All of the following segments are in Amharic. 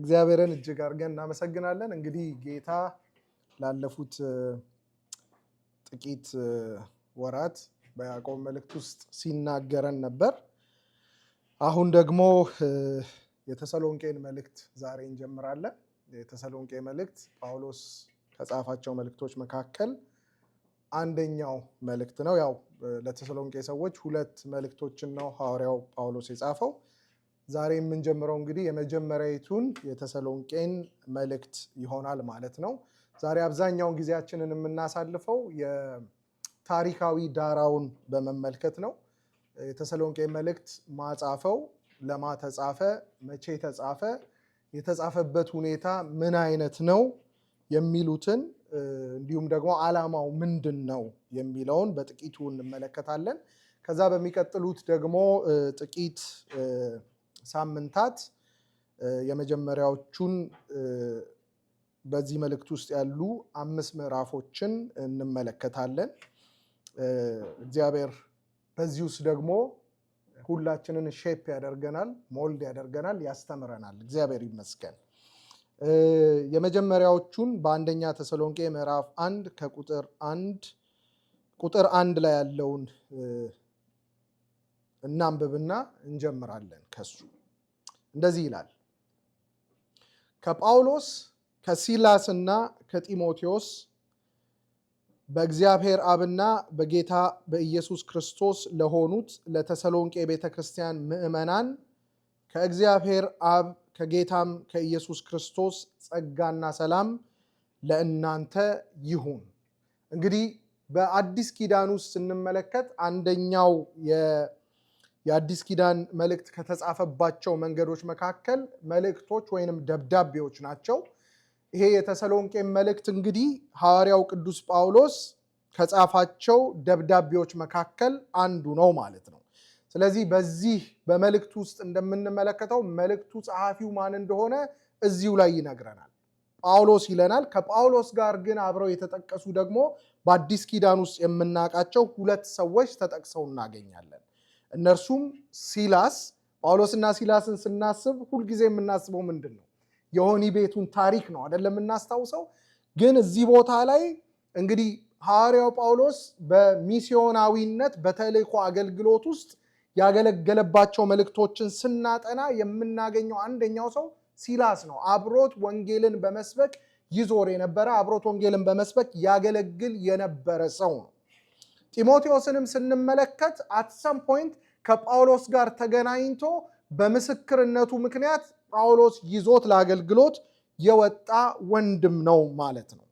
እግዚአብሔርን እጅግ አድርገን እናመሰግናለን። እንግዲህ ጌታ ላለፉት ጥቂት ወራት በያዕቆብ መልእክት ውስጥ ሲናገረን ነበር። አሁን ደግሞ የተሰሎንቄን መልእክት ዛሬ እንጀምራለን። የተሰሎንቄ መልእክት ጳውሎስ ከጻፋቸው መልእክቶች መካከል አንደኛው መልእክት ነው። ያው ለተሰሎንቄ ሰዎች ሁለት መልእክቶችን ነው ሐዋርያው ጳውሎስ የጻፈው። ዛሬ የምንጀምረው እንግዲህ የመጀመሪያዊቱን የተሰሎንቄን መልእክት ይሆናል ማለት ነው። ዛሬ አብዛኛውን ጊዜያችንን የምናሳልፈው የታሪካዊ ዳራውን በመመልከት ነው። የተሰሎንቄ መልእክት ማጻፈው ለማ ተጻፈ? መቼ ተጻፈ? የተጻፈበት ሁኔታ ምን አይነት ነው የሚሉትን እንዲሁም ደግሞ ዓላማው ምንድን ነው የሚለውን በጥቂቱ እንመለከታለን። ከዛ በሚቀጥሉት ደግሞ ጥቂት ሳምንታት የመጀመሪያዎቹን በዚህ መልእክት ውስጥ ያሉ አምስት ምዕራፎችን እንመለከታለን። እግዚአብሔር በዚህ ውስጥ ደግሞ ሁላችንን ሼፕ ያደርገናል፣ ሞልድ ያደርገናል፣ ያስተምረናል። እግዚአብሔር ይመስገን። የመጀመሪያዎቹን በአንደኛ ተሰሎንቄ ምዕራፍ አንድ ከቁጥር አንድ ቁጥር አንድ ላይ ያለውን እናንብብና እንጀምራለን ከሱ እንደዚህ ይላል። ከጳውሎስ ከሲላስና ከጢሞቴዎስ በእግዚአብሔር አብና በጌታ በኢየሱስ ክርስቶስ ለሆኑት ለተሰሎንቄ ቤተ ክርስቲያን ምዕመናን ከእግዚአብሔር አብ ከጌታም ከኢየሱስ ክርስቶስ ጸጋና ሰላም ለእናንተ ይሁን። እንግዲህ በአዲስ ኪዳን ውስጥ ስንመለከት አንደኛው የአዲስ ኪዳን መልእክት ከተጻፈባቸው መንገዶች መካከል መልእክቶች ወይንም ደብዳቤዎች ናቸው። ይሄ የተሰሎንቄ መልእክት እንግዲህ ሐዋርያው ቅዱስ ጳውሎስ ከጻፋቸው ደብዳቤዎች መካከል አንዱ ነው ማለት ነው። ስለዚህ በዚህ በመልእክቱ ውስጥ እንደምንመለከተው መልእክቱ ጸሐፊው ማን እንደሆነ እዚሁ ላይ ይነግረናል። ጳውሎስ ይለናል። ከጳውሎስ ጋር ግን አብረው የተጠቀሱ ደግሞ በአዲስ ኪዳን ውስጥ የምናውቃቸው ሁለት ሰዎች ተጠቅሰው እናገኛለን። እነርሱም ሲላስ ጳውሎስና ሲላስን ስናስብ ሁልጊዜ የምናስበው ምንድን ነው? የሆኒ ቤቱን ታሪክ ነው አይደለም የምናስታውሰው። ግን እዚህ ቦታ ላይ እንግዲህ ሐዋርያው ጳውሎስ በሚስዮናዊነት በተልእኮ አገልግሎት ውስጥ ያገለገለባቸው መልእክቶችን ስናጠና የምናገኘው አንደኛው ሰው ሲላስ ነው። አብሮት ወንጌልን በመስበክ ይዞር የነበረ አብሮት ወንጌልን በመስበክ ያገለግል የነበረ ሰው ነው። ጢሞቴዎስንም ስንመለከት አት ፖይንት ከጳውሎስ ጋር ተገናኝቶ በምስክርነቱ ምክንያት ጳውሎስ ይዞት ለአገልግሎት የወጣ ወንድም ነው ማለት ነው።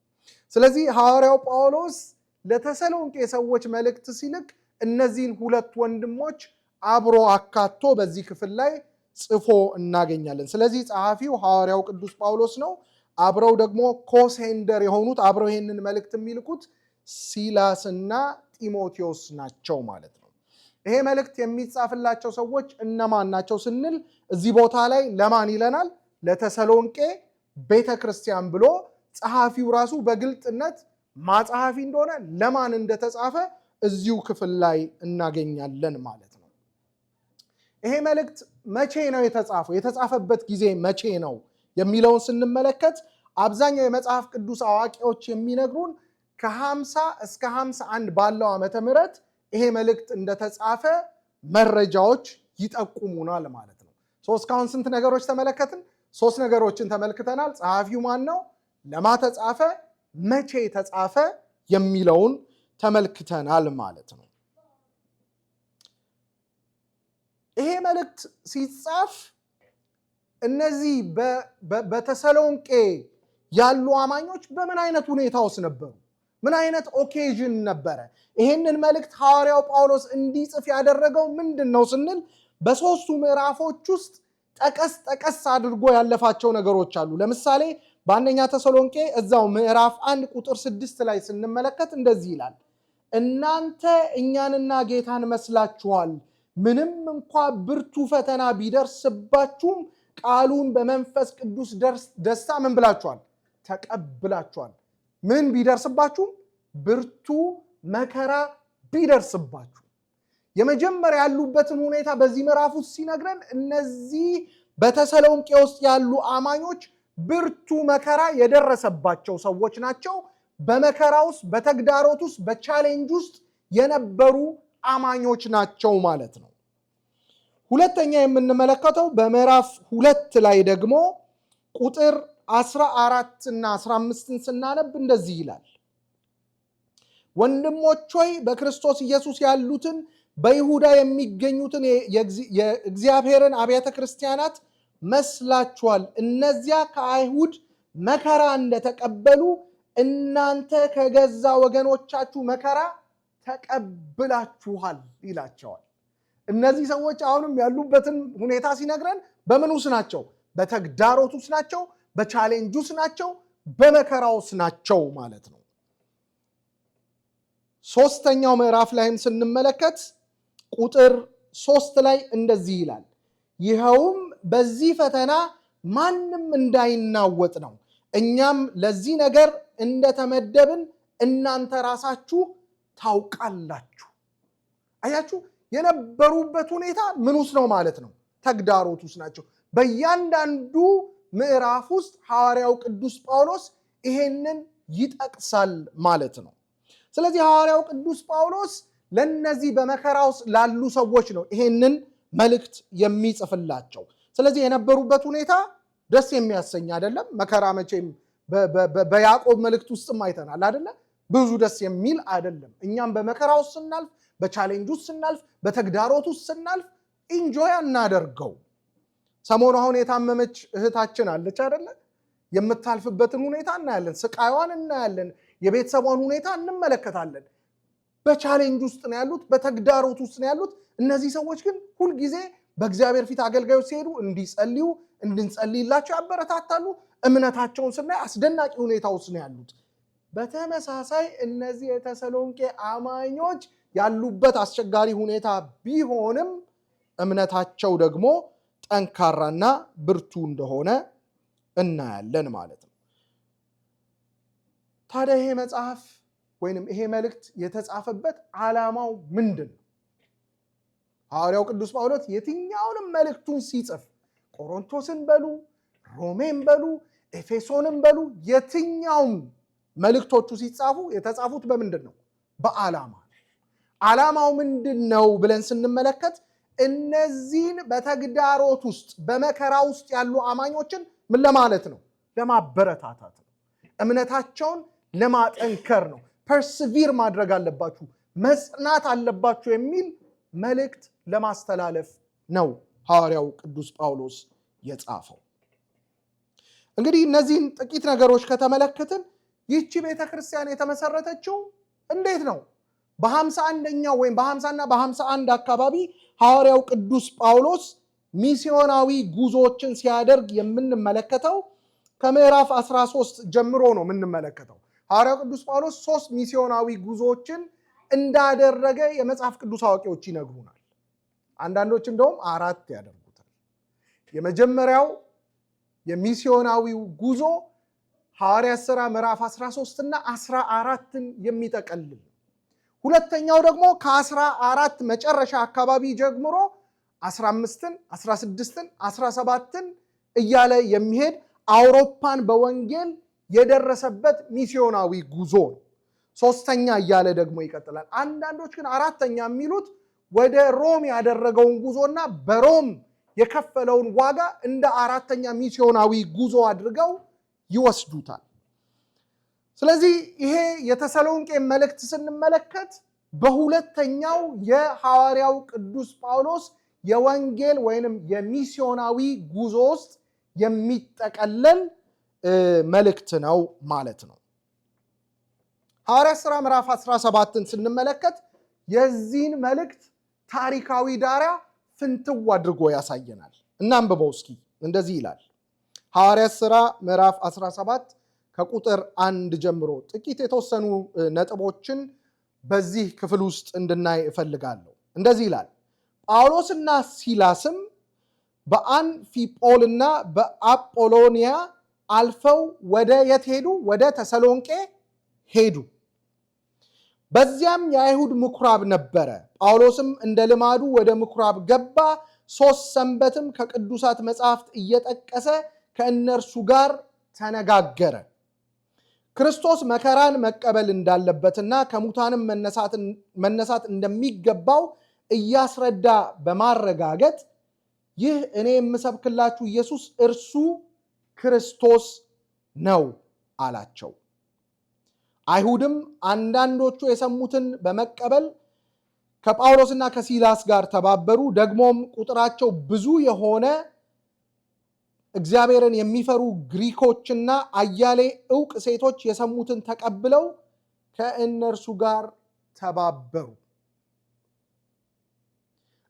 ስለዚህ ሐዋርያው ጳውሎስ ለተሰሎንቄ ሰዎች መልእክት ሲልክ እነዚህን ሁለት ወንድሞች አብሮ አካቶ በዚህ ክፍል ላይ ጽፎ እናገኛለን። ስለዚህ ጸሐፊው ሐዋርያው ቅዱስ ጳውሎስ ነው። አብረው ደግሞ ኮሴንደር የሆኑት አብረው ይህንን መልእክት የሚልኩት ሲላስና ጢሞቴዎስ ናቸው ማለት ነው። ይሄ መልእክት የሚጻፍላቸው ሰዎች እነማን ናቸው ስንል እዚህ ቦታ ላይ ለማን ይለናል? ለተሰሎንቄ ቤተ ክርስቲያን ብሎ ጸሐፊው ራሱ በግልጥነት ማጸሐፊ እንደሆነ ለማን እንደተጻፈ እዚሁ ክፍል ላይ እናገኛለን ማለት ነው። ይሄ መልእክት መቼ ነው የተጻፈው? የተጻፈበት ጊዜ መቼ ነው የሚለውን ስንመለከት አብዛኛው የመጽሐፍ ቅዱስ አዋቂዎች የሚነግሩን ከ50 እስከ 51 ባለው ዓመተ ምህረት ይሄ መልእክት እንደተጻፈ መረጃዎች ይጠቁሙናል ማለት ነው። ሶስት እስካሁን ስንት ነገሮች ተመለከትን? ሶስት ነገሮችን ተመልክተናል። ጸሐፊው ማን ነው? ለማ ተጻፈ? መቼ ተጻፈ? የሚለውን ተመልክተናል ማለት ነው። ይሄ መልእክት ሲጻፍ እነዚህ በተሰሎንቄ ያሉ አማኞች በምን አይነት ሁኔታ ውስጥ ነበሩ? ምን አይነት ኦኬዥን ነበረ? ይሄንን መልእክት ሐዋርያው ጳውሎስ እንዲጽፍ ያደረገው ምንድን ነው ስንል በሶስቱ ምዕራፎች ውስጥ ጠቀስ ጠቀስ አድርጎ ያለፋቸው ነገሮች አሉ። ለምሳሌ በአንደኛ ተሰሎንቄ እዛው ምዕራፍ አንድ ቁጥር ስድስት ላይ ስንመለከት እንደዚህ ይላል፣ እናንተ እኛንና ጌታን መስላችኋል። ምንም እንኳ ብርቱ ፈተና ቢደርስባችሁም ቃሉን በመንፈስ ቅዱስ ደስታ ምን ብላችኋል? ተቀብላችኋል። ምን ቢደርስባችሁም ብርቱ መከራ ቢደርስባችሁ የመጀመሪያ ያሉበትን ሁኔታ በዚህ ምዕራፍ ውስጥ ሲነግረን እነዚህ በተሰለውንቄ ውስጥ ያሉ አማኞች ብርቱ መከራ የደረሰባቸው ሰዎች ናቸው። በመከራ ውስጥ፣ በተግዳሮት ውስጥ፣ በቻሌንጅ ውስጥ የነበሩ አማኞች ናቸው ማለት ነው። ሁለተኛ የምንመለከተው በምዕራፍ ሁለት ላይ ደግሞ ቁጥር አስራ አራት እና አስራ አምስትን ስናነብ እንደዚህ ይላል ወንድሞች ሆይ በክርስቶስ ኢየሱስ ያሉትን በይሁዳ የሚገኙትን የእግዚአብሔርን አብያተ ክርስቲያናት መስላችኋል። እነዚያ ከአይሁድ መከራ እንደተቀበሉ እናንተ ከገዛ ወገኖቻችሁ መከራ ተቀብላችኋል ይላቸዋል። እነዚህ ሰዎች አሁንም ያሉበትን ሁኔታ ሲነግረን በምን ውስጥ ናቸው? በተግዳሮት ውስጥ ናቸው። በቻሌንጁስ ናቸው፣ በመከራውስ ናቸው ማለት ነው። ሶስተኛው ምዕራፍ ላይም ስንመለከት ቁጥር ሶስት ላይ እንደዚህ ይላል፣ ይኸውም በዚህ ፈተና ማንም እንዳይናወጥ ነው። እኛም ለዚህ ነገር እንደተመደብን እናንተ ራሳችሁ ታውቃላችሁ። አያችሁ፣ የነበሩበት ሁኔታ ምን ውስጥ ነው ማለት ነው? ተግዳሮት ውስጥ ናቸው። በእያንዳንዱ ምዕራፍ ውስጥ ሐዋርያው ቅዱስ ጳውሎስ ይሄንን ይጠቅሳል ማለት ነው። ስለዚህ ሐዋርያው ቅዱስ ጳውሎስ ለነዚህ በመከራ ውስጥ ላሉ ሰዎች ነው ይሄንን መልእክት የሚጽፍላቸው። ስለዚህ የነበሩበት ሁኔታ ደስ የሚያሰኝ አይደለም። መከራ መቼም በያዕቆብ መልእክት ውስጥም አይተናል አደለ? ብዙ ደስ የሚል አይደለም። እኛም በመከራ ውስጥ ስናልፍ፣ በቻሌንጅ ውስጥ ስናልፍ፣ በተግዳሮት ውስጥ ስናልፍ ኢንጆይ አናደርገው ሰሞኑ አሁን የታመመች እህታችን አለች አደለ የምታልፍበትን ሁኔታ እናያለን፣ ስቃይዋን እናያለን፣ የቤተሰቧን ሁኔታ እንመለከታለን። በቻሌንጅ ውስጥ ነው ያሉት፣ በተግዳሮት ውስጥ ነው ያሉት። እነዚህ ሰዎች ግን ሁልጊዜ በእግዚአብሔር ፊት አገልጋዮች ሲሄዱ እንዲጸልዩ እንድንጸልይላቸው ያበረታታሉ። እምነታቸውን ስናይ አስደናቂ ሁኔታ ውስጥ ነው ያሉት። በተመሳሳይ እነዚህ የተሰሎንቄ አማኞች ያሉበት አስቸጋሪ ሁኔታ ቢሆንም እምነታቸው ደግሞ ጠንካራና ብርቱ እንደሆነ እናያለን ማለት ነው። ታዲያ ይሄ መጽሐፍ ወይንም ይሄ መልእክት የተጻፈበት ዓላማው ምንድን ነው? ሐዋርያው ቅዱስ ጳውሎስ የትኛውንም መልእክቱን ሲጽፍ ቆሮንቶስን በሉ ሮሜን በሉ ኤፌሶንም በሉ የትኛውም መልእክቶቹ ሲጻፉ የተጻፉት በምንድን ነው? በዓላማ። ዓላማው ምንድን ነው ብለን ስንመለከት እነዚህን በተግዳሮት ውስጥ በመከራ ውስጥ ያሉ አማኞችን ምን ለማለት ነው? ለማበረታታት ነው። እምነታቸውን ለማጠንከር ነው። ፐርስቪር ማድረግ አለባችሁ፣ መጽናት አለባችሁ የሚል መልእክት ለማስተላለፍ ነው ሐዋርያው ቅዱስ ጳውሎስ የጻፈው። እንግዲህ እነዚህን ጥቂት ነገሮች ከተመለከትን ይህቺ ቤተክርስቲያን የተመሰረተችው እንዴት ነው? በሀምሳ አንደኛው ወይም በሀምሳና በሀምሳ አንድ አካባቢ ሐዋርያው ቅዱስ ጳውሎስ ሚስዮናዊ ጉዞዎችን ሲያደርግ የምንመለከተው ከምዕራፍ 13 ጀምሮ ነው የምንመለከተው። ሐዋርያው ቅዱስ ጳውሎስ ሶስት ሚስዮናዊ ጉዞዎችን እንዳደረገ የመጽሐፍ ቅዱስ አዋቂዎች ይነግሩናል። አንዳንዶች እንደውም አራት ያደርጉታል። የመጀመሪያው የሚስዮናዊው ጉዞ ሐዋርያት ሥራ ምዕራፍ 13 እና 14ን የሚጠቀልል ሁለተኛው ደግሞ ከአስራ አራት መጨረሻ አካባቢ ጀምሮ አስራ አምስትን አስራ ስድስትን አስራ ሰባትን እያለ የሚሄድ አውሮፓን በወንጌል የደረሰበት ሚስዮናዊ ጉዞ ነው። ሶስተኛ እያለ ደግሞ ይቀጥላል። አንዳንዶች ግን አራተኛ የሚሉት ወደ ሮም ያደረገውን ጉዞና በሮም የከፈለውን ዋጋ እንደ አራተኛ ሚስዮናዊ ጉዞ አድርገው ይወስዱታል። ስለዚህ ይሄ የተሰሎንቄ መልእክት ስንመለከት በሁለተኛው የሐዋርያው ቅዱስ ጳውሎስ የወንጌል ወይንም የሚስዮናዊ ጉዞ ውስጥ የሚጠቀለል መልእክት ነው ማለት ነው። ሐዋርያ ሥራ ምዕራፍ 17ን ስንመለከት የዚህን መልእክት ታሪካዊ ዳራ ፍንትው አድርጎ ያሳየናል። እናንብበው እስኪ። እንደዚህ ይላል ሐዋርያ ሥራ ምዕራፍ 17 ከቁጥር አንድ ጀምሮ ጥቂት የተወሰኑ ነጥቦችን በዚህ ክፍል ውስጥ እንድናይ እፈልጋለሁ። እንደዚህ ይላል። ጳውሎስና ሲላስም በአንፊጶልና በአጶሎኒያ አልፈው ወደ የት ሄዱ? ወደ ተሰሎንቄ ሄዱ። በዚያም የአይሁድ ምኩራብ ነበረ። ጳውሎስም እንደ ልማዱ ወደ ምኩራብ ገባ። ሦስት ሰንበትም ከቅዱሳት መጽሐፍት እየጠቀሰ ከእነርሱ ጋር ተነጋገረ። ክርስቶስ መከራን መቀበል እንዳለበትና ከሙታንም መነሳት እንደሚገባው እያስረዳ በማረጋገጥ ይህ እኔ የምሰብክላችሁ ኢየሱስ እርሱ ክርስቶስ ነው አላቸው። አይሁድም አንዳንዶቹ የሰሙትን በመቀበል ከጳውሎስና ከሲላስ ጋር ተባበሩ። ደግሞም ቁጥራቸው ብዙ የሆነ እግዚአብሔርን የሚፈሩ ግሪኮችና አያሌ እውቅ ሴቶች የሰሙትን ተቀብለው ከእነርሱ ጋር ተባበሩ።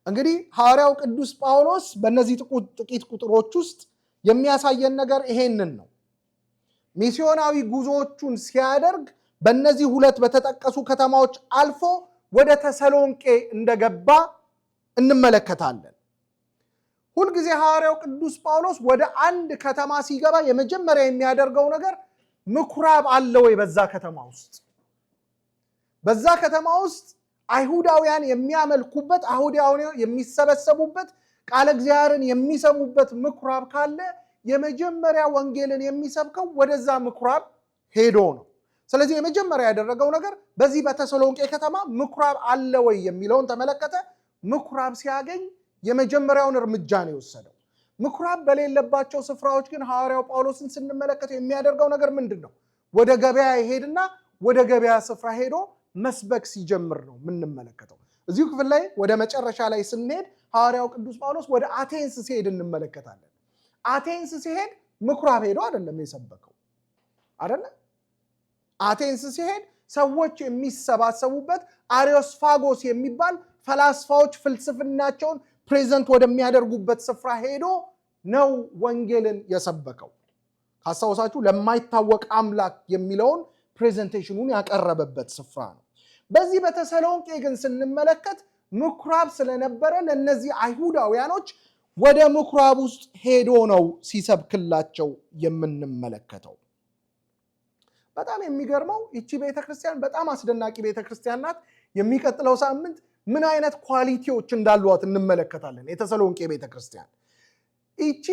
እንግዲህ ሐዋርያው ቅዱስ ጳውሎስ በእነዚህ ጥቂት ቁጥሮች ውስጥ የሚያሳየን ነገር ይሄንን ነው። ሚስዮናዊ ጉዞዎቹን ሲያደርግ በእነዚህ ሁለት በተጠቀሱ ከተማዎች አልፎ ወደ ተሰሎንቄ እንደገባ እንመለከታለን። ሁልጊዜ ሐዋርያው ቅዱስ ጳውሎስ ወደ አንድ ከተማ ሲገባ የመጀመሪያ የሚያደርገው ነገር ምኩራብ አለ ወይ? በዛ ከተማ ውስጥ በዛ ከተማ ውስጥ አይሁዳውያን የሚያመልኩበት አይሁዳውያን የሚሰበሰቡበት ቃለ እግዚአብሔርን የሚሰሙበት ምኩራብ ካለ የመጀመሪያ ወንጌልን የሚሰብከው ወደዛ ምኩራብ ሄዶ ነው። ስለዚህ የመጀመሪያ ያደረገው ነገር በዚህ በተሰሎንቄ ከተማ ምኩራብ አለ ወይ የሚለውን ተመለከተ። ምኩራብ ሲያገኝ የመጀመሪያውን እርምጃ ነው የወሰደው። ምኩራብ በሌለባቸው ስፍራዎች ግን ሐዋርያው ጳውሎስን ስንመለከተው የሚያደርገው ነገር ምንድን ነው? ወደ ገበያ ይሄድና ወደ ገበያ ስፍራ ሄዶ መስበክ ሲጀምር ነው የምንመለከተው። እዚሁ ክፍል ላይ ወደ መጨረሻ ላይ ስንሄድ ሐዋርያው ቅዱስ ጳውሎስ ወደ አቴንስ ሲሄድ እንመለከታለን። አቴንስ ሲሄድ ምኩራብ ሄዶ አይደለም የሰበከው አይደለ። አቴንስ ሲሄድ ሰዎች የሚሰባሰቡበት አሪዮስፋጎስ የሚባል ፈላስፋዎች ፍልስፍናቸውን ፕሬዘንት ወደሚያደርጉበት ስፍራ ሄዶ ነው ወንጌልን የሰበከው። ካስታወሳችሁ ለማይታወቅ አምላክ የሚለውን ፕሬዘንቴሽኑን ያቀረበበት ስፍራ ነው። በዚህ በተሰሎንቄ ግን ስንመለከት ምኩራብ ስለነበረ ለእነዚህ አይሁዳውያኖች ወደ ምኩራብ ውስጥ ሄዶ ነው ሲሰብክላቸው የምንመለከተው። በጣም የሚገርመው ይቺ ቤተክርስቲያን በጣም አስደናቂ ቤተክርስቲያን ናት። የሚቀጥለው ሳምንት ምን አይነት ኳሊቲዎች እንዳሏት እንመለከታለን። የተሰሎንቄ ቤተክርስቲያን እቺ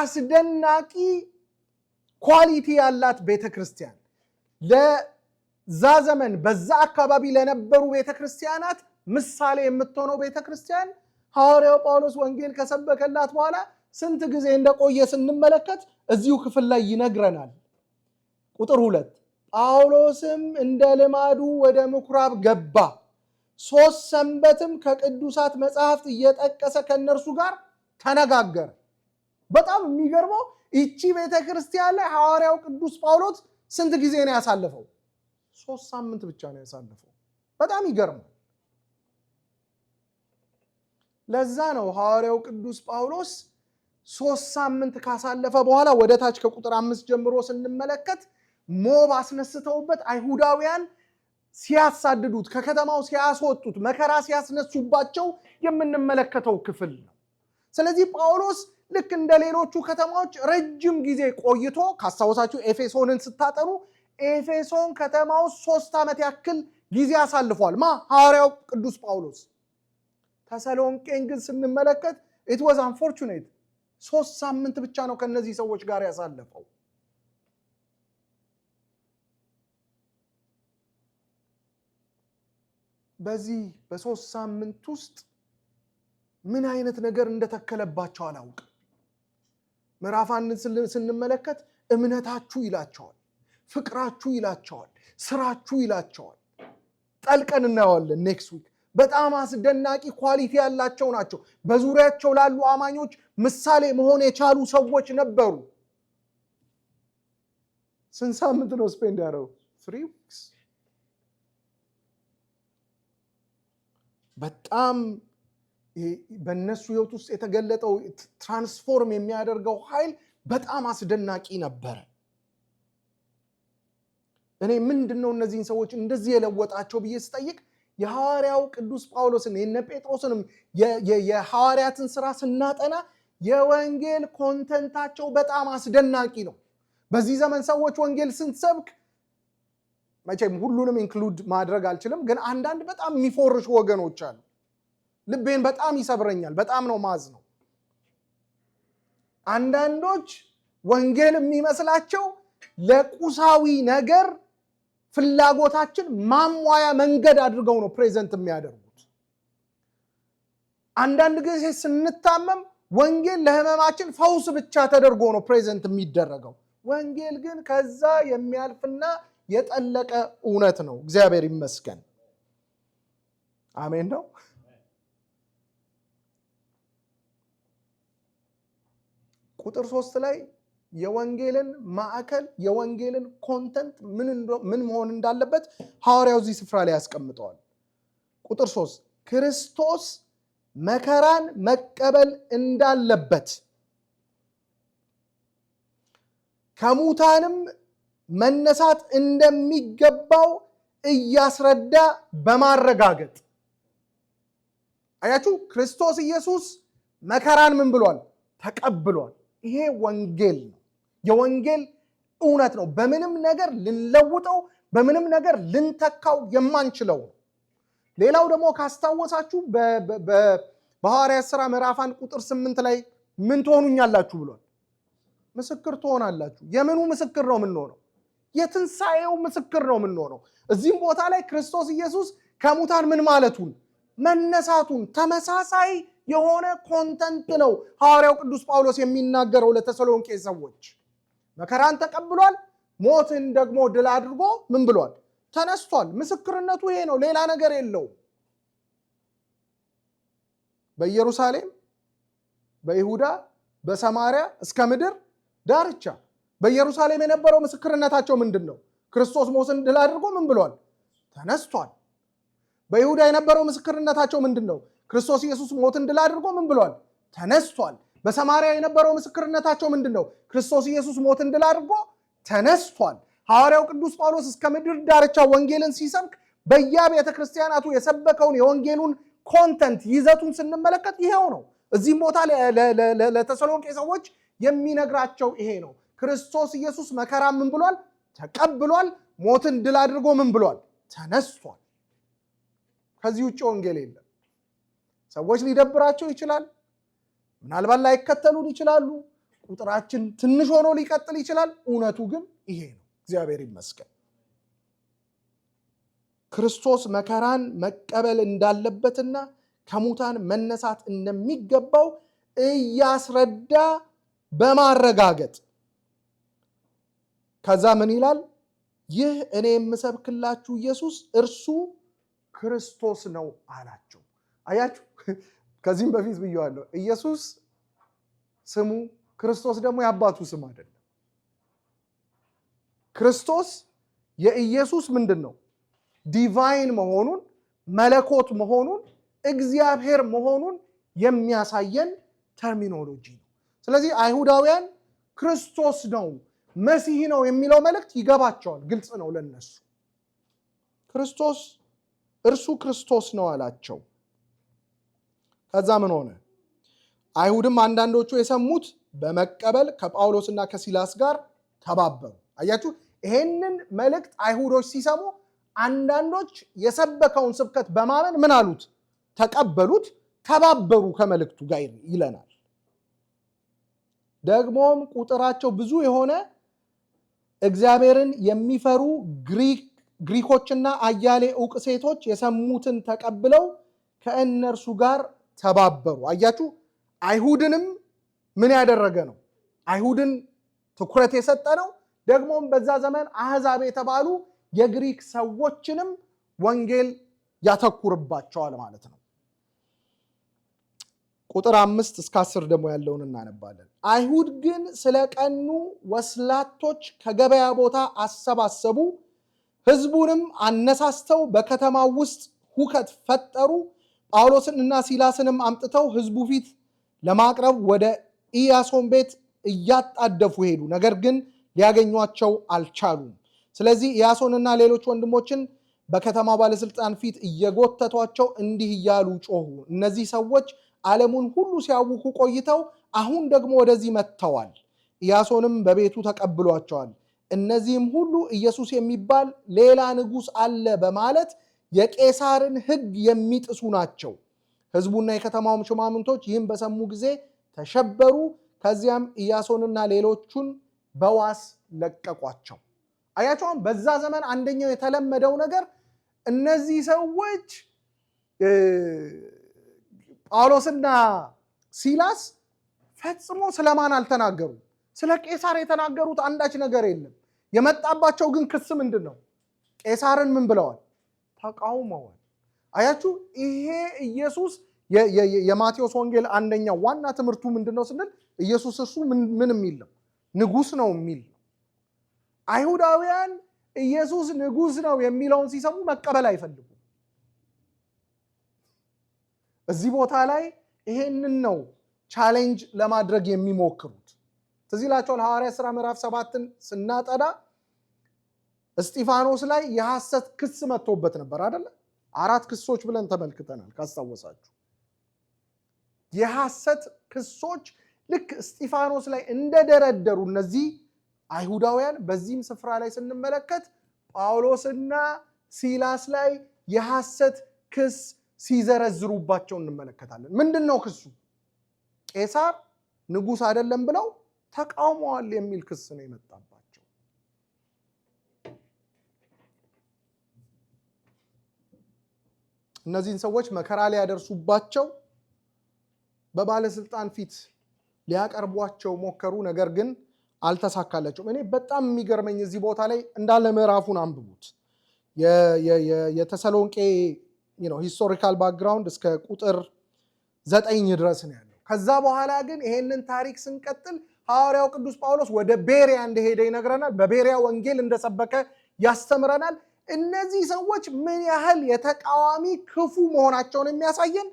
አስደናቂ ኳሊቲ ያላት ቤተክርስቲያን ለዛ ዘመን በዛ አካባቢ ለነበሩ ቤተክርስቲያናት ምሳሌ የምትሆነው ቤተክርስቲያን ሐዋርያው ጳውሎስ ወንጌል ከሰበከላት በኋላ ስንት ጊዜ እንደቆየ ስንመለከት እዚሁ ክፍል ላይ ይነግረናል። ቁጥር ሁለት ጳውሎስም እንደ ልማዱ ወደ ምኩራብ ገባ ሶስት ሰንበትም ከቅዱሳት መጽሐፍት እየጠቀሰ ከእነርሱ ጋር ተነጋገረ። በጣም የሚገርመው ይቺ ቤተ ክርስቲያን ላይ ሐዋርያው ቅዱስ ጳውሎስ ስንት ጊዜ ነው ያሳለፈው? ሶስት ሳምንት ብቻ ነው ያሳለፈው። በጣም ይገርማል። ለዛ ነው ሐዋርያው ቅዱስ ጳውሎስ ሶስት ሳምንት ካሳለፈ በኋላ ወደ ታች ከቁጥር አምስት ጀምሮ ስንመለከት ሞብ አስነስተውበት አይሁዳውያን ሲያሳድዱት፣ ከከተማው ሲያስወጡት፣ መከራ ሲያስነሱባቸው የምንመለከተው ክፍል ነው። ስለዚህ ጳውሎስ ልክ እንደ ሌሎቹ ከተማዎች ረጅም ጊዜ ቆይቶ ካስታወሳችሁ ኤፌሶንን ስታጠኑ ኤፌሶን ከተማ ውስጥ ሶስት ዓመት ያክል ጊዜ አሳልፏል። ማ ሐዋርያው ቅዱስ ጳውሎስ። ተሰሎንቄን ግን ስንመለከት ኢትወዝ አንፎርቹኔት ሶስት ሳምንት ብቻ ነው ከእነዚህ ሰዎች ጋር ያሳለፈው። በዚህ በሶስት ሳምንት ውስጥ ምን አይነት ነገር እንደተከለባቸው አላውቅም። ምዕራፍ አንድን ስንመለከት እምነታችሁ ይላቸዋል፣ ፍቅራችሁ ይላቸዋል፣ ስራችሁ ይላቸዋል። ጠልቀን እናየዋለን ኔክስት ዊክ። በጣም አስደናቂ ኳሊቲ ያላቸው ናቸው። በዙሪያቸው ላሉ አማኞች ምሳሌ መሆን የቻሉ ሰዎች ነበሩ። ስንት ሳምንት ነው ስፔንድ ያደረው? ትሪ ዊክስ በጣም በእነሱ ህይወት ውስጥ የተገለጠው ትራንስፎርም የሚያደርገው ኃይል በጣም አስደናቂ ነበረ። እኔ ምንድን ነው እነዚህን ሰዎች እንደዚህ የለወጣቸው ብዬ ስጠይቅ የሐዋርያው ቅዱስ ጳውሎስን የነ ጴጥሮስንም የሐዋርያትን ስራ ስናጠና የወንጌል ኮንተንታቸው በጣም አስደናቂ ነው። በዚህ ዘመን ሰዎች ወንጌል ስንሰብክ መቼም ሁሉንም ኢንክሉድ ማድረግ አልችልም፣ ግን አንዳንድ በጣም የሚፎርሹ ወገኖች አሉ። ልቤን በጣም ይሰብረኛል። በጣም ነው ማዝ ነው። አንዳንዶች ወንጌል የሚመስላቸው ለቁሳዊ ነገር ፍላጎታችን ማሟያ መንገድ አድርገው ነው ፕሬዘንት የሚያደርጉት። አንዳንድ ጊዜ ስንታመም ወንጌል ለህመማችን ፈውስ ብቻ ተደርጎ ነው ፕሬዘንት የሚደረገው። ወንጌል ግን ከዛ የሚያልፍና የጠለቀ እውነት ነው። እግዚአብሔር ይመስገን። አሜን ነው። ቁጥር ሶስት ላይ የወንጌልን ማዕከል የወንጌልን ኮንተንት ምን መሆን እንዳለበት ሐዋርያው እዚህ ስፍራ ላይ ያስቀምጠዋል። ቁጥር ሶስት ክርስቶስ መከራን መቀበል እንዳለበት ከሙታንም መነሳት እንደሚገባው እያስረዳ በማረጋገጥ አያችሁ፣ ክርስቶስ ኢየሱስ መከራን ምን ብሏል? ተቀብሏል። ይሄ ወንጌል ነው። የወንጌል እውነት ነው። በምንም ነገር ልንለውጠው፣ በምንም ነገር ልንተካው የማንችለው ነው። ሌላው ደግሞ ካስታወሳችሁ በሐዋርያት ሥራ ምዕራፍ አንድ ቁጥር ስምንት ላይ ምን ትሆኑኛላችሁ ብሏል? ምስክር ትሆናላችሁ። የምኑ ምስክር ነው የምንሆነው? የትንሣኤው ምስክር ነው የምንሆነው። እዚህም ቦታ ላይ ክርስቶስ ኢየሱስ ከሙታን ምን ማለቱን መነሳቱን ተመሳሳይ የሆነ ኮንተንት ነው ሐዋርያው ቅዱስ ጳውሎስ የሚናገረው ለተሰሎንቄ ሰዎች። መከራን ተቀብሏል፣ ሞትን ደግሞ ድል አድርጎ ምን ብሏል? ተነስቷል። ምስክርነቱ ይሄ ነው፣ ሌላ ነገር የለውም። በኢየሩሳሌም፣ በይሁዳ፣ በሰማሪያ እስከ ምድር ዳርቻ በኢየሩሳሌም የነበረው ምስክርነታቸው ምንድን ነው? ክርስቶስ ሞትን ድል አድርጎ ምን ብሏል? ተነስቷል። በይሁዳ የነበረው ምስክርነታቸው ምንድን ነው? ክርስቶስ ኢየሱስ ሞትን ድል አድርጎ ምን ብሏል? ተነስቷል። በሰማሪያ የነበረው ምስክርነታቸው ምንድን ነው? ክርስቶስ ኢየሱስ ሞትን ድል አድርጎ ተነስቷል። ሐዋርያው ቅዱስ ጳውሎስ እስከ ምድር ዳርቻ ወንጌልን ሲሰብክ በየቤተ ክርስቲያናቱ የሰበከውን የወንጌሉን ኮንተንት ይዘቱን ስንመለከት ይሄው ነው። እዚህም ቦታ ለተሰሎንቄ ሰዎች የሚነግራቸው ይሄ ነው። ክርስቶስ ኢየሱስ መከራ ምን ብሏል? ተቀብሏል። ሞትን ድል አድርጎ ምን ብሏል? ተነስቷል። ከዚህ ውጭ ወንጌል የለም። ሰዎች ሊደብራቸው ይችላል። ምናልባት ላይከተሉን ይችላሉ። ቁጥራችን ትንሽ ሆኖ ሊቀጥል ይችላል። እውነቱ ግን ይሄ ነው። እግዚአብሔር ይመስገን። ክርስቶስ መከራን መቀበል እንዳለበትና ከሙታን መነሳት እንደሚገባው እያስረዳ በማረጋገጥ ከዛ ምን ይላል? ይህ እኔ የምሰብክላችሁ ኢየሱስ እርሱ ክርስቶስ ነው አላቸው። አያችሁ፣ ከዚህም በፊት ብየዋለሁ። ኢየሱስ ስሙ፣ ክርስቶስ ደግሞ የአባቱ ስም አይደለም። ክርስቶስ የኢየሱስ ምንድን ነው? ዲቫይን መሆኑን መለኮት መሆኑን እግዚአብሔር መሆኑን የሚያሳየን ተርሚኖሎጂ ነው። ስለዚህ አይሁዳውያን ክርስቶስ ነው መሲህ ነው የሚለው መልእክት ይገባቸዋል። ግልጽ ነው ለነሱ። ክርስቶስ እርሱ ክርስቶስ ነው አላቸው። ከዛ ምን ሆነ? አይሁድም አንዳንዶቹ የሰሙት በመቀበል ከጳውሎስና ከሲላስ ጋር ተባበሩ። አያችሁ፣ ይሄንን መልእክት አይሁዶች ሲሰሙ አንዳንዶች የሰበከውን ስብከት በማመን ምን አሉት? ተቀበሉት፣ ተባበሩ ከመልእክቱ ጋር ይለናል። ደግሞም ቁጥራቸው ብዙ የሆነ እግዚአብሔርን የሚፈሩ ግሪኮችና አያሌ እውቅ ሴቶች የሰሙትን ተቀብለው ከእነርሱ ጋር ተባበሩ። አያችሁ፣ አይሁድንም ምን ያደረገ ነው? አይሁድን ትኩረት የሰጠ ነው። ደግሞም በዛ ዘመን አህዛብ የተባሉ የግሪክ ሰዎችንም ወንጌል ያተኩርባቸዋል ማለት ነው። ቁጥር አምስት እስከ አስር ደግሞ ያለውን እናነባለን። አይሁድ ግን ስለ ቀኑ ወስላቶች ከገበያ ቦታ አሰባሰቡ፣ ሕዝቡንም አነሳስተው በከተማው ውስጥ ሁከት ፈጠሩ። እና ሲላስንም አምጥተው ሕዝቡ ፊት ለማቅረብ ወደ ኢያሶን ቤት እያጣደፉ ሄዱ። ነገር ግን ሊያገኟቸው አልቻሉም። ስለዚህ ኢያሶንና ሌሎች ወንድሞችን በከተማ ባለስልጣን ፊት እየጎተቷቸው እንዲህ እያሉ ጮሁ፣ እነዚህ ሰዎች ዓለሙን ሁሉ ሲያውኩ ቆይተው አሁን ደግሞ ወደዚህ መጥተዋል። ኢያሶንም በቤቱ ተቀብሏቸዋል። እነዚህም ሁሉ ኢየሱስ የሚባል ሌላ ንጉሥ አለ በማለት የቄሳርን ሕግ የሚጥሱ ናቸው። ሕዝቡና የከተማውም ሽማምንቶች ይህም በሰሙ ጊዜ ተሸበሩ። ከዚያም ኢያሶንና ሌሎቹን በዋስ ለቀቋቸው። አያቸውም። በዛ ዘመን አንደኛው የተለመደው ነገር እነዚህ ሰዎች ጳውሎስና ሲላስ ፈጽሞ ስለማን አልተናገሩም። ስለ ቄሳር የተናገሩት አንዳች ነገር የለም። የመጣባቸው ግን ክስ ምንድን ነው? ቄሳርን ምን ብለዋል? ተቃውመዋል። አያችሁ፣ ይሄ ኢየሱስ የማቴዎስ ወንጌል አንደኛው ዋና ትምህርቱ ምንድን ነው ስንል ኢየሱስ እሱ ምን የሚል ነው? ንጉስ ነው የሚል ነው። አይሁዳውያን ኢየሱስ ንጉስ ነው የሚለውን ሲሰሙ መቀበል አይፈልጉ እዚህ ቦታ ላይ ይሄንን ነው ቻሌንጅ ለማድረግ የሚሞክሩት። ትዝ ይላችኋል ሐዋርያ ሥራ ምዕራፍ ሰባትን ስናጠዳ እስጢፋኖስ ላይ የሐሰት ክስ መጥቶበት ነበር አደለ? አራት ክሶች ብለን ተመልክተናል ካስታወሳችሁ። የሐሰት ክሶች ልክ እስጢፋኖስ ላይ እንደደረደሩ እነዚህ አይሁዳውያን በዚህም ስፍራ ላይ ስንመለከት ጳውሎስና ሲላስ ላይ የሐሰት ክስ ሲዘረዝሩባቸው እንመለከታለን። ምንድን ነው ክሱ? ቄሳር ንጉሥ አይደለም ብለው ተቃውመዋል የሚል ክስ ነው የመጣባቸው። እነዚህን ሰዎች መከራ ሊያደርሱባቸው በባለስልጣን ፊት ሊያቀርቧቸው ሞከሩ። ነገር ግን አልተሳካላቸውም። እኔ በጣም የሚገርመኝ እዚህ ቦታ ላይ እንዳለ ምዕራፉን አንብቡት የተሰሎንቄ ሂስቶሪካል ባክግራውንድ እስከ ቁጥር ዘጠኝ ድረስ ነው ያለው። ከዛ በኋላ ግን ይሄንን ታሪክ ስንቀጥል ሐዋርያው ቅዱስ ጳውሎስ ወደ ቤሪያ እንደሄደ ይነግረናል። በቤሪያ ወንጌል እንደሰበከ ያስተምረናል። እነዚህ ሰዎች ምን ያህል የተቃዋሚ ክፉ መሆናቸውን የሚያሳየን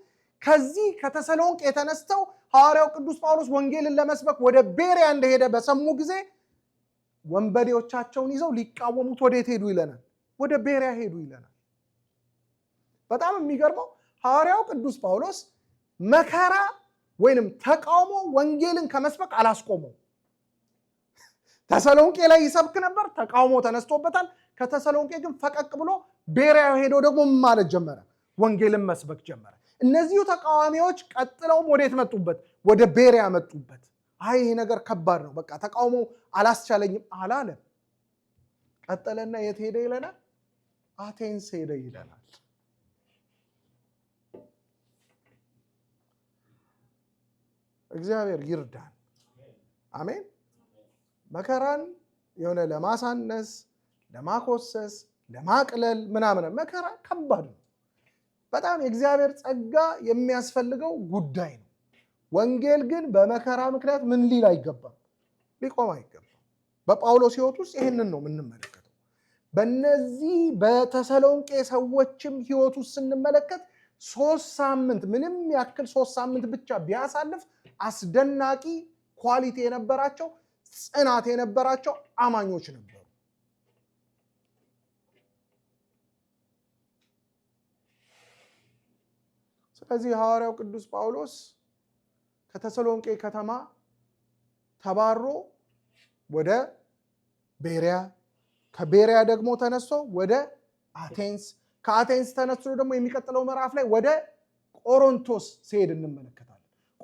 ከዚህ ከተሰሎንቄ የተነስተው ሐዋርያው ቅዱስ ጳውሎስ ወንጌልን ለመስበክ ወደ ቤሪያ እንደሄደ በሰሙ ጊዜ ወንበዴዎቻቸውን ይዘው ሊቃወሙት ወዴት ሄዱ ይለናል? ወደ ቤሪያ ሄዱ ይለናል። በጣም የሚገርመው ሐዋርያው ቅዱስ ጳውሎስ መከራ ወይንም ተቃውሞ ወንጌልን ከመስበክ አላስቆመው። ተሰሎንቄ ላይ ይሰብክ ነበር፣ ተቃውሞ ተነስቶበታል። ከተሰሎንቄ ግን ፈቀቅ ብሎ ቤሪያ ሄዶ ደግሞ ማለት ጀመረ፣ ወንጌልን መስበክ ጀመረ። እነዚሁ ተቃዋሚዎች ቀጥለውም ወዴት መጡበት? ወደ ቤሪያ መጡበት። አይ ይሄ ነገር ከባድ ነው፣ በቃ ተቃውሞ አላስቻለኝም አላለም። ቀጠለና የት ሄደ ይለናል? አቴንስ ሄደ ይለናል። እግዚአብሔር ይርዳን። አሜን። መከራን የሆነ ለማሳነስ፣ ለማኮሰስ፣ ለማቅለል ምናምን መከራ ከባድ ነው። በጣም የእግዚአብሔር ጸጋ የሚያስፈልገው ጉዳይ ነው። ወንጌል ግን በመከራ ምክንያት ምን ሊል አይገባም፣ ሊቆም አይገባም። በጳውሎስ ሕይወት ውስጥ ይህንን ነው የምንመለከተው። በነዚህ በተሰሎንቄ ሰዎችም ሕይወት ውስጥ ስንመለከት ሶስት ሳምንት ምንም ያክል ሶስት ሳምንት ብቻ ቢያሳልፍ አስደናቂ ኳሊቲ የነበራቸው ጽናት የነበራቸው አማኞች ነበሩ። ስለዚህ ሐዋርያው ቅዱስ ጳውሎስ ከተሰሎንቄ ከተማ ተባሮ ወደ ቤሪያ ከቤሪያ ደግሞ ተነስቶ ወደ አቴንስ ከአቴንስ ተነስቶ ደግሞ የሚቀጥለው ምዕራፍ ላይ ወደ ቆሮንቶስ ሲሄድ እንመለከታለን።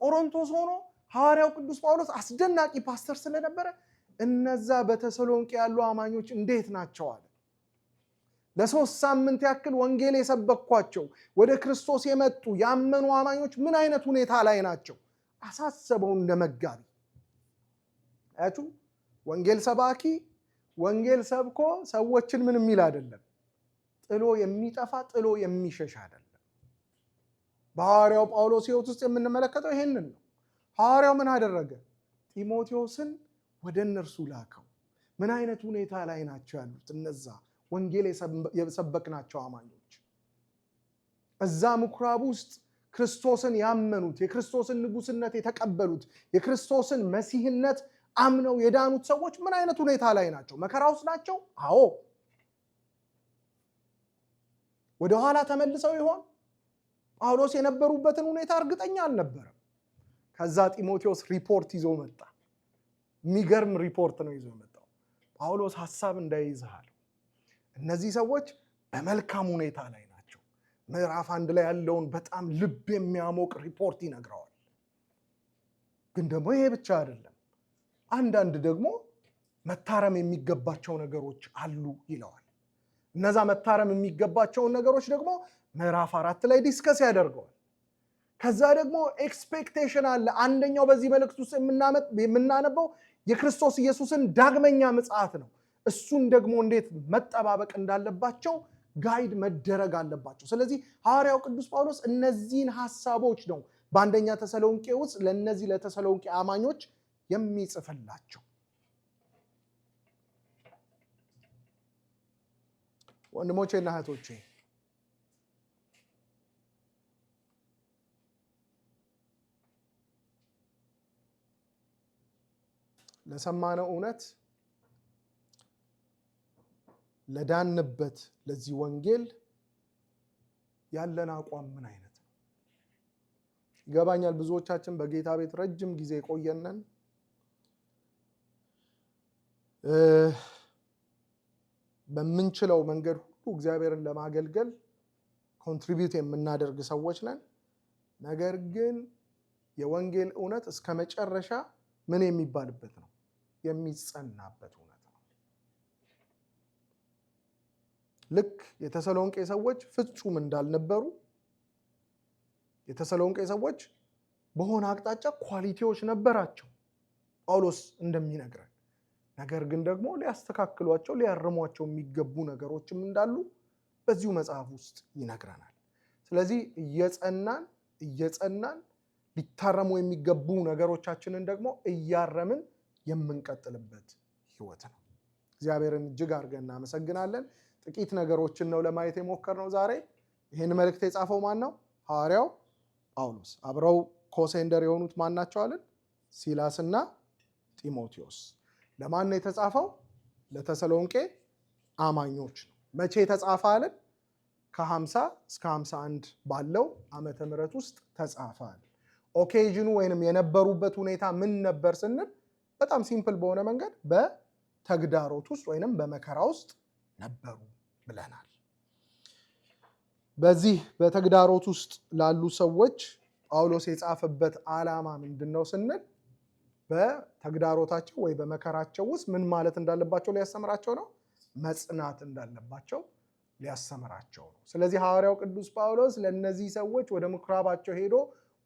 ቆሮንቶስ ሆኖ ሐዋርያው ቅዱስ ጳውሎስ አስደናቂ ፓስተር ስለነበረ እነዛ በተሰሎንቄ ያሉ አማኞች እንዴት ናቸው አለ። ለሶስት ሳምንት ያክል ወንጌል የሰበኳቸው ወደ ክርስቶስ የመጡ ያመኑ አማኞች ምን አይነት ሁኔታ ላይ ናቸው? አሳሰበው እንደ መጋቢ። አያችሁ፣ ወንጌል ሰባኪ ወንጌል ሰብኮ ሰዎችን ምን የሚል አይደለም፣ ጥሎ የሚጠፋ ጥሎ የሚሸሽ አይደለም። በሐዋርያው ጳውሎስ ህይወት ውስጥ የምንመለከተው ይሄንን ነው። ሐዋርያው ምን አደረገ? ጢሞቴዎስን ወደ እነርሱ ላከው። ምን አይነት ሁኔታ ላይ ናቸው ያሉት እነዛ ወንጌል የሰበክናቸው አማኞች? እዛ ምኩራብ ውስጥ ክርስቶስን ያመኑት የክርስቶስን ንጉስነት የተቀበሉት የክርስቶስን መሲህነት አምነው የዳኑት ሰዎች ምን አይነት ሁኔታ ላይ ናቸው? መከራ ውስጥ ናቸው? አዎ። ወደ ኋላ ተመልሰው ይሆን? ጳውሎስ የነበሩበትን ሁኔታ እርግጠኛ አልነበረም። ከዛ ጢሞቴዎስ ሪፖርት ይዞ መጣ። የሚገርም ሪፖርት ነው ይዞ መጣው። ጳውሎስ ሀሳብ እንዳይዝሃል፣ እነዚህ ሰዎች በመልካም ሁኔታ ላይ ናቸው። ምዕራፍ አንድ ላይ ያለውን በጣም ልብ የሚያሞቅ ሪፖርት ይነግረዋል። ግን ደግሞ ይሄ ብቻ አይደለም፣ አንዳንድ ደግሞ መታረም የሚገባቸው ነገሮች አሉ ይለዋል። እነዛ መታረም የሚገባቸውን ነገሮች ደግሞ ምዕራፍ አራት ላይ ዲስከስ ያደርገዋል። ከዛ ደግሞ ኤክስፔክቴሽን አለ። አንደኛው በዚህ መልእክት ውስጥ የምናነበው የክርስቶስ ኢየሱስን ዳግመኛ ምጽአት ነው። እሱን ደግሞ እንዴት መጠባበቅ እንዳለባቸው ጋይድ መደረግ አለባቸው። ስለዚህ ሐዋርያው ቅዱስ ጳውሎስ እነዚህን ሐሳቦች ነው በአንደኛ ተሰሎንቄ ውስጥ ለእነዚህ ለተሰሎንቄ አማኞች የሚጽፍላቸው። ወንድሞቼና እህቶቼ ለሰማነው እውነት ለዳንበት ለዚህ ወንጌል ያለን አቋም ምን አይነት ነው? ይገባኛል። ብዙዎቻችን በጌታ ቤት ረጅም ጊዜ የቆየንን በምንችለው መንገድ ሁሉ እግዚአብሔርን ለማገልገል ኮንትሪቢዩት የምናደርግ ሰዎች ነን። ነገር ግን የወንጌል እውነት እስከ መጨረሻ ምን የሚባልበት ነው? የሚጸናበት እውነት ነው። ልክ የተሰሎንቄ ሰዎች ፍጹም እንዳልነበሩ የተሰሎንቄ ሰዎች በሆነ አቅጣጫ ኳሊቲዎች ነበራቸው ጳውሎስ እንደሚነግረን ነገር ግን ደግሞ ሊያስተካክሏቸው ሊያርሟቸው የሚገቡ ነገሮችም እንዳሉ በዚሁ መጽሐፍ ውስጥ ይነግረናል። ስለዚህ እየጸናን እየጸናን ሊታረሙ የሚገቡ ነገሮቻችንን ደግሞ እያረምን የምንቀጥልበት ህይወት ነው። እግዚአብሔርን እጅግ አድርገን እናመሰግናለን። ጥቂት ነገሮችን ነው ለማየት የሞከርነው ዛሬ። ይህን መልእክት የጻፈው ማን ነው? ሐዋርያው ጳውሎስ። አብረው ኮሴንደር የሆኑት ማን ናቸው አለን? ሲላስና ጢሞቴዎስ ለማን ነው የተጻፈው? ለተሰሎንቄ አማኞች ነው። መቼ ተጻፈ አለን? ከ50 እስከ 51 ባለው ዓመተ ምሕረት ውስጥ ተጻፈ አለን። ኦኬዥኑ ወይንም የነበሩበት ሁኔታ ምን ነበር ስንል በጣም ሲምፕል በሆነ መንገድ በተግዳሮት ውስጥ ወይንም በመከራ ውስጥ ነበሩ ብለናል። በዚህ በተግዳሮት ውስጥ ላሉ ሰዎች ጳውሎስ የጻፈበት ዓላማ ምንድን ነው ስንል በተግዳሮታቸው ወይ በመከራቸው ውስጥ ምን ማለት እንዳለባቸው ሊያስተምራቸው ነው። መጽናት እንዳለባቸው ሊያስተምራቸው ነው። ስለዚህ ሐዋርያው ቅዱስ ጳውሎስ ለእነዚህ ሰዎች ወደ ምኩራባቸው ሄዶ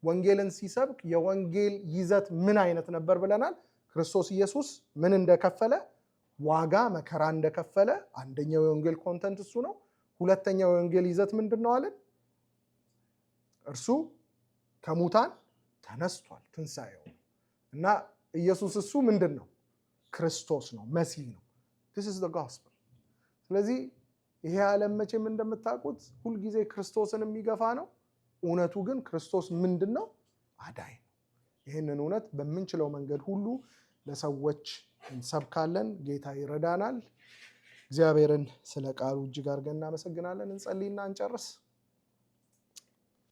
ወንጌልን ሲሰብክ የወንጌል ይዘት ምን አይነት ነበር ብለናል። ክርስቶስ ኢየሱስ ምን እንደከፈለ ዋጋ መከራ እንደከፈለ፣ አንደኛው የወንጌል ኮንተንት እሱ ነው። ሁለተኛው የወንጌል ይዘት ምንድን ነው አለን? እርሱ ከሙታን ተነስቷል ትንሣኤው እና ኢየሱስ እሱ ምንድን ነው? ክርስቶስ ነው፣ መሲህ ነው። ስ ጋስፕል። ስለዚህ ይሄ ዓለም መቼም እንደምታውቁት ሁልጊዜ ክርስቶስን የሚገፋ ነው። እውነቱ ግን ክርስቶስ ምንድን ነው? አዳይ ነው። ይህንን እውነት በምንችለው መንገድ ሁሉ ለሰዎች እንሰብካለን። ጌታ ይረዳናል። እግዚአብሔርን ስለ ቃሉ እጅግ አድርገን እናመሰግናለን። እንጸልይና እንጨርስ።